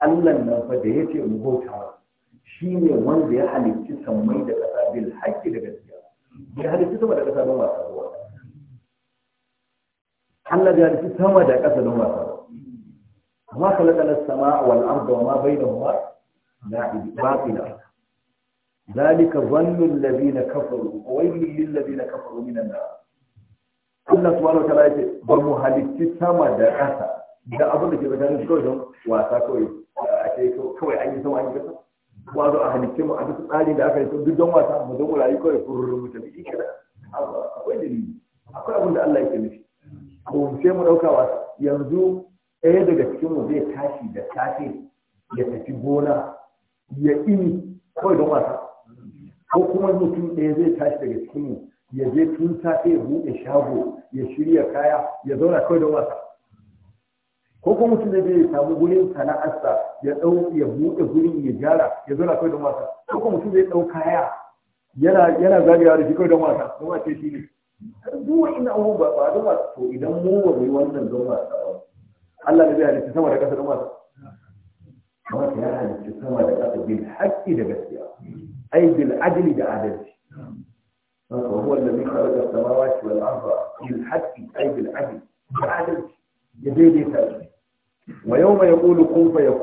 S1: Allah nan fa da yace mu bauta shi ne wanda ya halicci sammai da ƙasa bil haƙƙi da gaskiya ya halicci sama da ƙasa don wasa ruwa Allah ya halicci sama da ƙasa don wasa ruwa amma khalaqal samaa wal arda wa ma bainahuma la'ib batila ذلك ظن الذين كفروا وويل للذين كفروا من النار Allah subhanahu wataala ya ce ba mu halitti sama da ƙasa da abin da ke tsakanin kawai don wasa kawai a ce kawai an yi sama an yi kasa kuma zo a halicce mu a duk tsari da aka yi duk don wasa mu don rayu kawai fururru mu tafi shi kada akwai dalili akwai abin da Allah yake nufi ko sai mu dauka wasa yanzu ɗaya daga cikin mu zai tashi da safe ya tafi gona ya ini kawai don wasa ko kuma mutum ɗaya zai tashi daga cikin mu ya je tun safe ya buɗe shago ya shirya kaya ya zauna kawai don wasa ko kuma mutum zai ya samu gurin sana'arsa ya dau ya buɗe gurin ya gyara ya zauna kai don wasa ko kuma mutum zai dau kaya yana yana zagayawa da shi kai don wasa don wasa shi ne har duwa ina abubuwa ba ba don wasa to idan mu ba mu yi wannan don wasa ba Allah ne zai halitta sama da ƙasa don wasa amma ya halitta sama da ƙasa bil haqqi da gaskiya ai bil adli da adalci وهو الذي خلق السماوات والارض بالحق اي بالعدل بالعدل يديه تاجيل wa yau mai kulu kun fa ya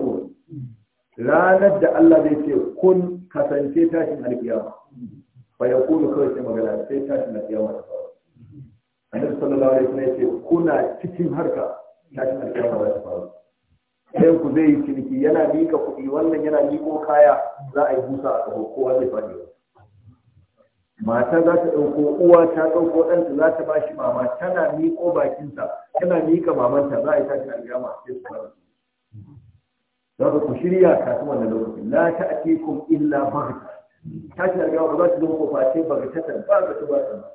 S1: ranar da Allah zai ce kun kasance tashin alkiyama fa ya kulu kawai sai magana sai tashin alkiyama ta faru annabi sallallahu alaihi wasallam ya ce kuna cikin harka tashin alkiyama za ta faru sai ku zai yi ciniki yana miƙa kuɗi wannan yana miƙo kaya za a yi busa a kowa zai faɗi mata za ta ɗauko uwa ta ɗauko ɗanta za ta bashi mama tana miƙo bakinta tana miƙa mamanta za a yi tashi aljama sai su fara za ku shirya kafin wannan lokacin la ta atikum illa baghta tashi aljama ba za ta zo ko face baghtatan ba ga ba ta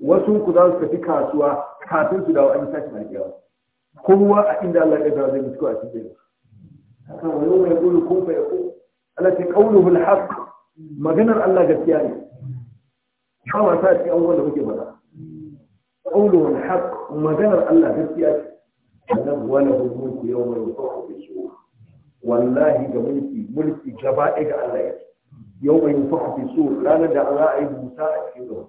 S1: wasu ku za su tafi kasuwa kafin su dawo an yi tashi aljama kowa a inda Allah ya ga zai mutu a cikin haka wani mai gudu ko ya ko Allah ce qawluhu al maganar Allah gaskiya ne ba ma sa ci abubuwan da muke faɗa qawlu wal haqq maganar Allah gaskiya ce annabi wala ku yawma yusahu bi suwa wallahi ga mulki mulki gaba ɗaya ga Allah ya yake yawma yusahu bi suwa ranar da za a yi musa a cikin ruwa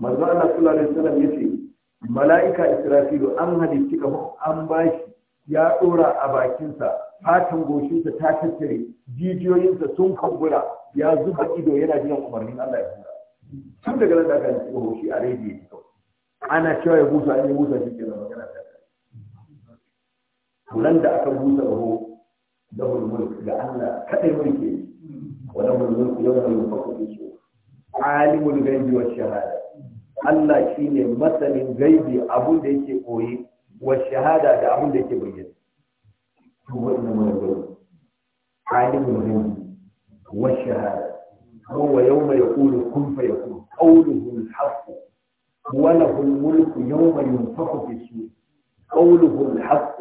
S1: manzo Allah sallallahu alaihi wasallam ce. mala'ika Isra'ilu an halitti kamar an bashi ya ɗora a bakinsa fatan goshinsa ta tattare jijiyoyinsa sun kumbura ya zuba ido yana jiran umarnin Allah ya tun daga nan da aka yi tsoro shi a rediyo kawai ana cewa ya busa an yi busa shi ke da magana ta nan da aka busa raho da mulmul ga Allah kadai mulke wa lahu mulku yawma yunfaqu fi sur alimul gaibi wa shahada Allah shine masanin gaibi abun da yake koyi wa shahada da abun da yake bayyana to wannan mulku alimul gaibi wa shahada هو يوم يقول كن فيكون قوله الحق وله الملك يوم ينفخ في السور قوله الحق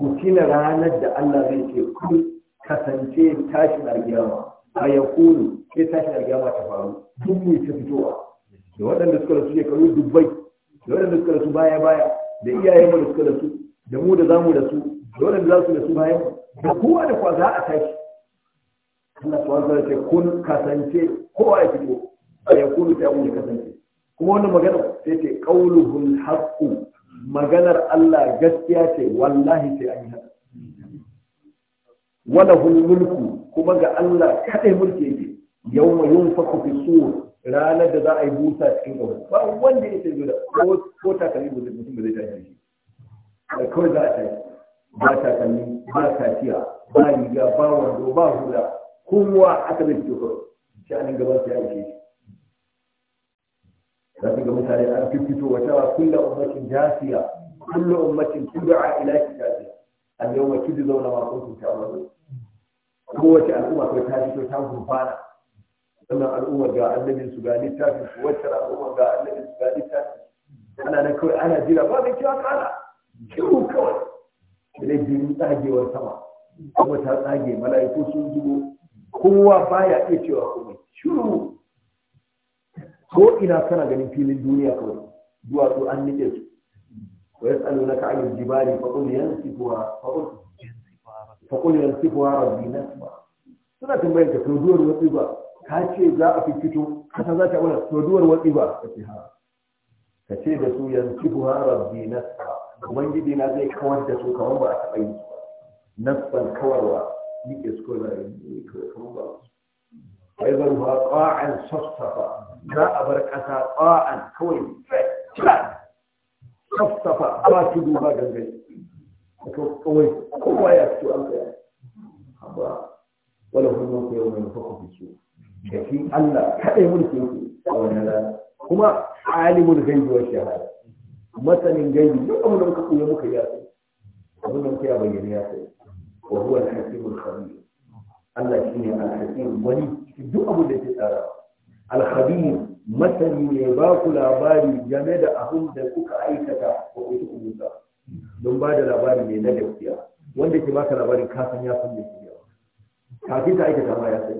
S1: كتنا راند الله غير كل kasance tashin alkiyama a ya kuru sai tashin alkiyama ta faru duk ne ta fitowa da waɗanda suka rasu shekaru dubbai da waɗanda suka rasu baya baya da iyayen mu da suka rasu da mu da zamu rasu da waɗanda za su rasu bayan da kowa da kowa za a tashi Allah subhanahu wa ta'ala ce kun kasance kowa ya fito ya kunu ta abun ya kasance kuma wani magana sai ce qauluhul haƙƙu, maganar Allah gaskiya ce wallahi sai an yi haka wala mulku kuma ga Allah kadai mulki yake yawma yunfaku fi sur ranar da za a yi busa cikin gaba ba wanda ya ce da ko takalmi mutum ba zai tashi shi da kawai za a tashi ba takalmi ba kaciya ba riga ba wando ba hula kowa aka bai fito sha'anin gaban su ya ishe shi za su ga mutane an fi fito wata wa kulla ummatin jasiya kulla ummatin tud'a ila kitabiha al-yawma zauna ma ta wani kowace al'umma ko ta fito ta gurfana wannan al'umma ga annabin su ga littafin su wacce al'umma ga annabin su ga littafin ana nan kawai ana jira ba mai kiwa kala kiwo kawai da dai jini tsagewar sama kuma ta tsage mala'iku sun zubo kowa baya iya cewa komai shiru ko ina kana ganin filin duniya kawai su an nike su wa yas'alunaka na jibali faqul yansifuha faqul faqul yansifuha rabbi nasfa suna tambayar ka to duwar ba ka ce za a fito kasa za ta wani to wasu ba ka ce ha ka ce da su yansifuha rabbi nasfa ubangiji na zai kawar da su kamar ba a taɓa yi ba. nasban kawarwa miƙe su kawai rayu ne kawai kamar ba su ai bar ba ƙa'an safsafa za a bar ƙasa ƙa'an kawai safsafa ba tudu ba gangan kawai kowa ya fito an kai ba wani hulman ku yau mai mafaka fi su da shi Allah kaɗai mulki yake a wannan rana kuma alimul gaibi wa shahada masanin gaibi duk abin da muka koya muka yi A sai abin da muka ya bayyana ya sai wa huwa al-hakim al-khabir Allah shine al-hakim wani duk abin da ke tsara masani ne ba labari game da abin da kuka aikata ko kuka kuka don ba labari ne na gaskiya wanda ke baka labarin ka ya san gaskiya kafin ka aikata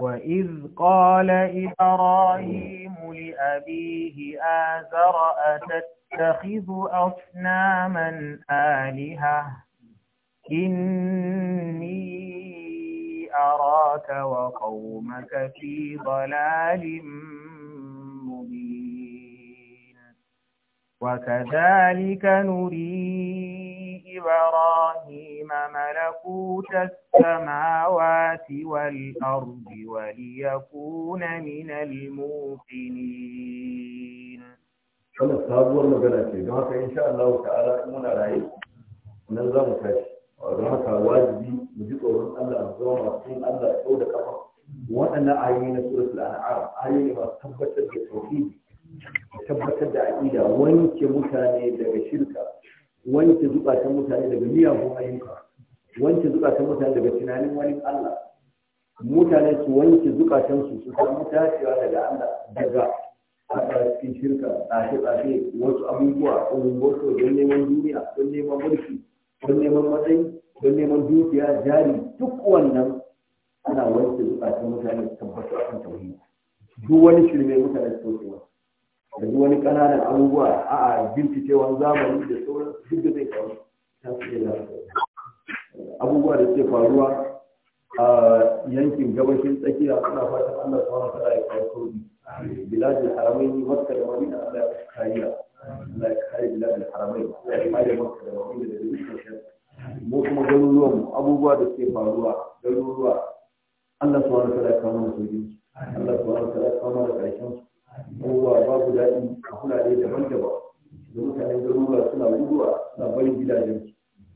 S3: وإذ قال إبراهيم لأبيه آزر أتت تتخذ أصناما آلهة إني أراك وقومك في ضلال مبين وكذلك نري إبراهيم ملكوت السماوات والأرض وليكون من الموقنين
S1: wannan sabuwar magana ce don haka insha Allah ta'ala in muna raye nan za mu tashi don haka wajibi mu ji tsoron Allah
S2: mu zama masu yin Allah
S1: sau da kafa waɗannan ayoyi na suratul an'am ayoyi masu tabbatar da tauhidi tabbatar da aqida wanke mutane daga shirka wanke zukatan mutane daga miyagun ayyuka wanke zukatan mutane daga tunanin wani Allah mutane su wanke zukatan su su samu dacewa daga Allah daga haka cikin shirka tsafe-tsafe wasu abubuwa wasu don neman duniya don neman mulki don neman matsayi don neman dukiya jari duk wannan ana wanke zukatan mutane su tabbata akan tauhidi duk wani shirme mutane su toke wa da duk wani ƙananan abubuwa a a bincicewan zamani da sauran duk da zai faru ta su iya abubuwa da suke faruwa a yankin gabashin tsakiya suna fatan Allah subhanahu wa ta'ala ya kawo sauki biladul haramain makka da Allah ya kariya Allah ya kare biladul haramain ya kare da wani da dukkan shari'a mu kuma garuruwan abubuwa da suke faruwa garuruwa Allah subhanahu wa ta'ala ya kawo mana Allah subhanahu wa ta'ala ya kawo mana karshen su abubuwa babu daɗi a hulare daban-daban da mutanen garuruwa suna guduwa suna barin gidajensu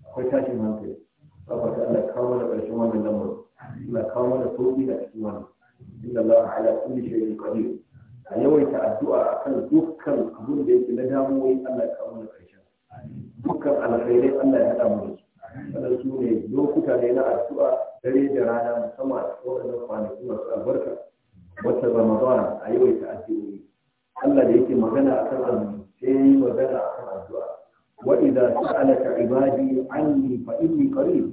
S1: akwai tashin hankali. Saboda Allah kawo mana ƙarshen wannan lamarin. Allah kawo mana sauƙi da cikin wannan inna Allah ala kulli shay'in qadir a yawaita addu'a akan dukkan abun da yake na damuwoyi Allah ya kawo mana karshen dukkan alkhairai Allah ya haɗa mu wannan su ne lokuta ne na addu'a dare da rana musamman a cikin waɗannan kwanaki masu albarka wata Ramadan a yawaita addu'o'i Allah da yake magana akan azumi sai yi magana akan addu'a wa idza sa'alaka ibadi anni fa inni qarib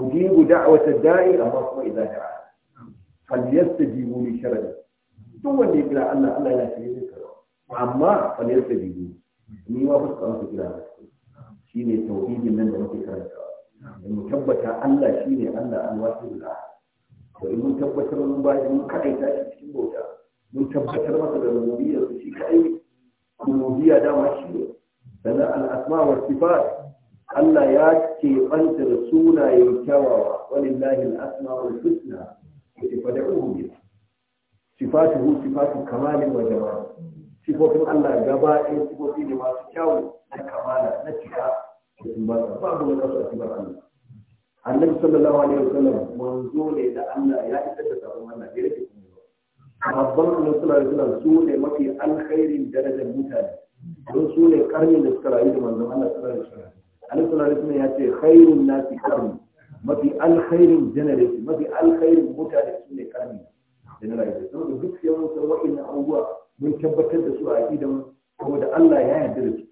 S1: ujibu da'wata da'i amma kuma idza da'a falyastajibu li sharri duk wanda ya kira Allah Allah yana tare da kai amma falyastajibu ni ma fuska wasu kira Shi shine tauhidin nan da muke karanta in mu tabbata Allah shi ne Allah al-wahid to in mun tabbatar mun ba mun kadaita shi cikin bauta mun tabbatar masa da rububiyyar shi kai rububiyya dama shi ne sannan al-asma wa sifat Allah ya keɓanta da sunayen kyawawa walillahi al'asma wal husna da ifada ubi sifatuhu sifatu kamalin wa jama'a sifofin Allah gaba ɗaya sifofi ne masu kyawu na kamala na cika da sumbata babu wani kasu a sifar Allah annabi sallallahu alaihi wasallam manzo ne da Allah ya isar da sabon Allah ya rike kuma sahabban annabi sallallahu alaihi wasallam su ne mafi alkhairin darajar mutane don su ne karnin da suka rayu da manzon Allah sallallahu alaihi wasallam alisala ya ce khairun nasi karni mafi alkhairin generation mafi alkhairin mutane su ne karni generation saboda duk yawan sarwa'in na abubuwa mun tabbatar da su a idan da Allah ya yarda da su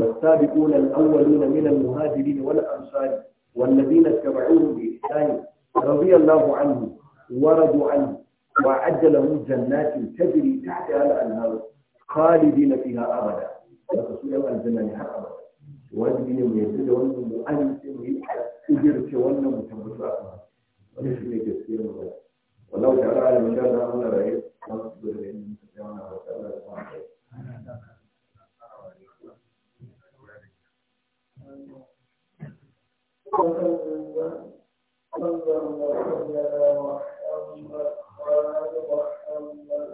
S1: والسابقون الأولون من المهاجرين والأنصار والذين اتبعوهم بإحسان رضي الله عنهم ورضوا عنه وأعد لهم جنات تجري تحتها الأنهار خالدين فيها أبدا رسول الله الجنة أبدا wajibi ne mu yarda da wannan mu amince mu yi kujirce wannan mu tabbata a kan wani shi ne gaskiyar mu ba wallahu ta'ala alamin da za mu na rayu masu zuwa da yin tattauna wa ta'ala da kuma
S2: اللهم صل على محمد وعلى محمد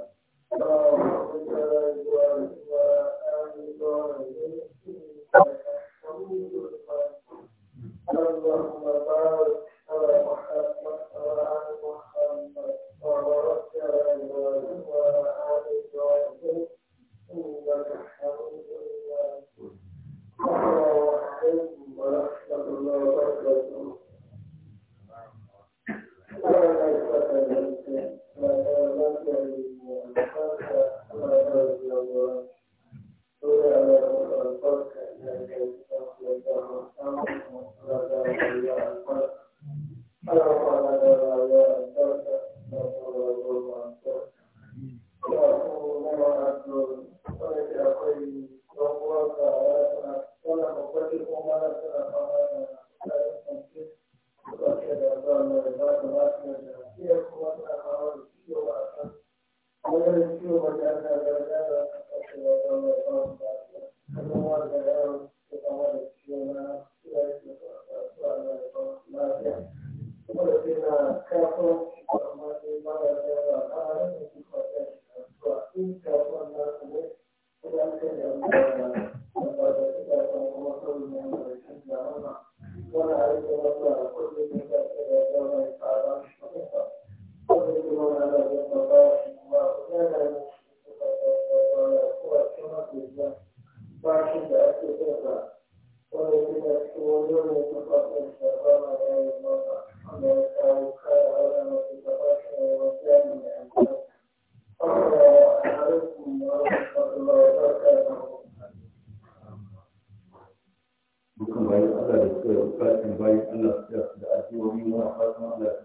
S1: dukkan bayan Allah da suka yi bukatun bayan Allah da addu'o'i Allah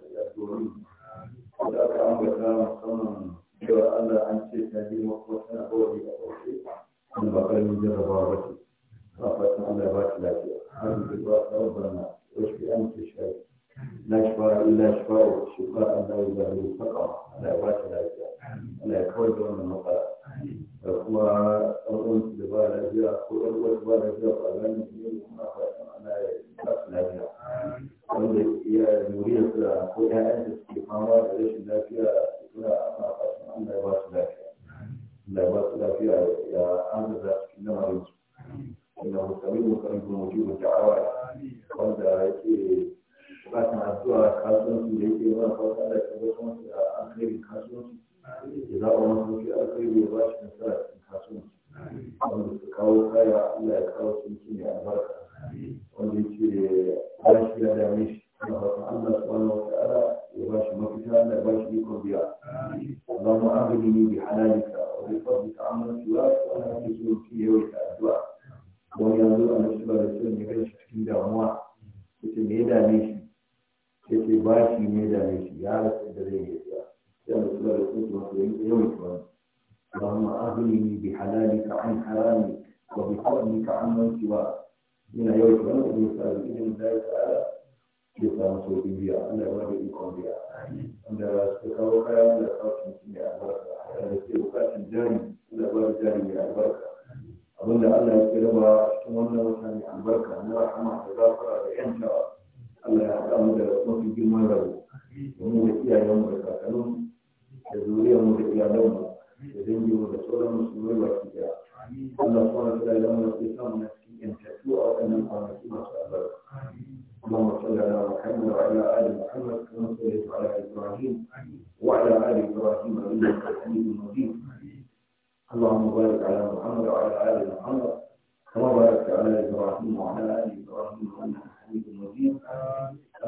S1: mai albarka abinda Allah ya kira ba cikin wannan wata mai albarka na rahama da ku da yantawa Allah ya haɗa mu da mafi girman rabo domin da iyayen mu da kakannin da zuriyar mu da iyalan mu da dangin mu da sauran musulmai su daya Allah kuma wa ta ya mu samu na cikin yantattu a waɗannan kwanaki masu albarka اللهم صل على محمد وعلى ال محمد كما صليت على ابراهيم وعلى ال ابراهيم انك حميد مجيد اللهم بارك على محمد وعلى آل محمد كما باركت على إبراهيم وعلى آل إبراهيم إنك حميد مجيد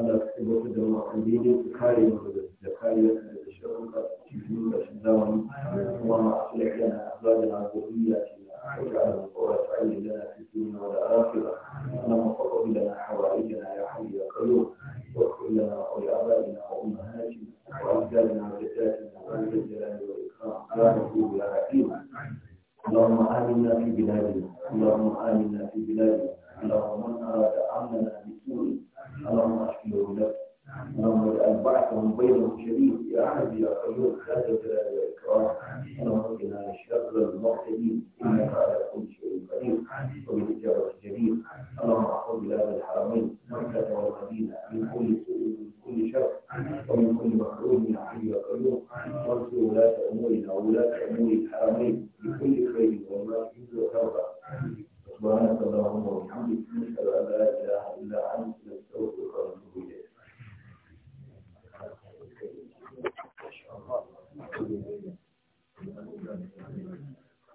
S1: ألا تكتب وتدعو المعتدين بخير وبخير تشرفك تشرفك شدام اللهم أصلح لنا أزواجنا وذرياتنا واجعل قرة عين لنا في الدنيا والآخرة اللهم فقد لنا حوائجنا يا حي يا قيوم واغفر لنا